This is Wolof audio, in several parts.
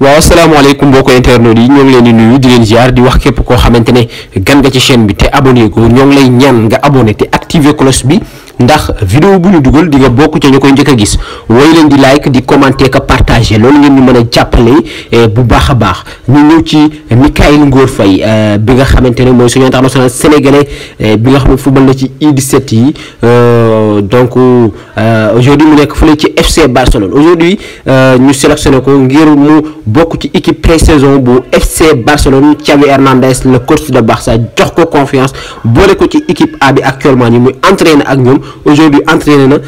waaw asalaamaaleykum mbokki internet yi ñoo leen di nuyu di leen ziar di wax képp koo xamante ne gan nga ci chaîne bi te abonné ko ñoo ngi lay ñaan nga abonné te activé cloche bi. ndax vidéo bu ñu duggal di nga bokk ci ñu koy njëkk gis woy leen di like di commenter ka partager loolu ngeen ñu mëna jappalé eh, bu baaxa baax ñu ñëw ci Mikayil Ngor Fay eh, bi nga xamantene moy mooy suñu international sénégalais eh, bi nga xam football na ci U17 yi euh, donc euh, aujourd'hui mu nekk fële ci FC Barcelone aujourd'hui euh, ñu sélectionné ko ngir mu bokk ci équipe pré-saison bu FC Barcelone Xavi Hernandez le coach de Barça jox ko confiance boole ko ci équipe A bi actuellement ñi muy entraîner ak ñoom aujourd'hui entraîner na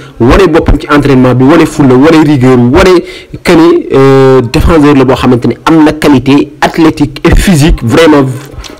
beaucoup ci entraînement bi full, rigueur wane que euh, défenseur la bo qualité athlétique et physique vraiment.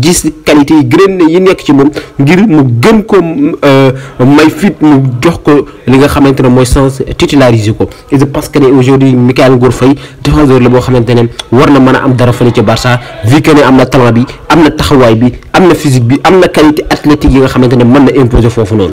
gis qualité yi gën ne yi nekk ci moom ngir mu gën ko euh, may fit mu jox ko li nga xamante ne mooy sens titulariser ko et je pense que ne aujourd'hui Mikayil Ngor Faye défenseur la boo xamante ne war na mën a am dara fële ca Barça vu ne am na talant bi am na taxawaay bi am na physique bi am na qualité athlétique yi nga xamante ne mën na imposer foofu noonu